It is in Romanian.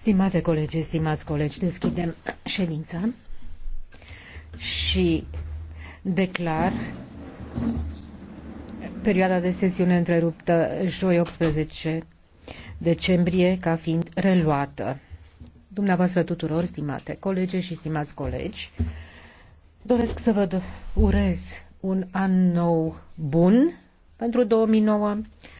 Stimate colegi, stimați colegi, deschidem ședința și declar perioada de sesiune întreruptă joi 18 decembrie ca fiind reluată. Dumneavoastră tuturor, stimate colege și stimați colegi, doresc să vă urez un an nou bun pentru 2009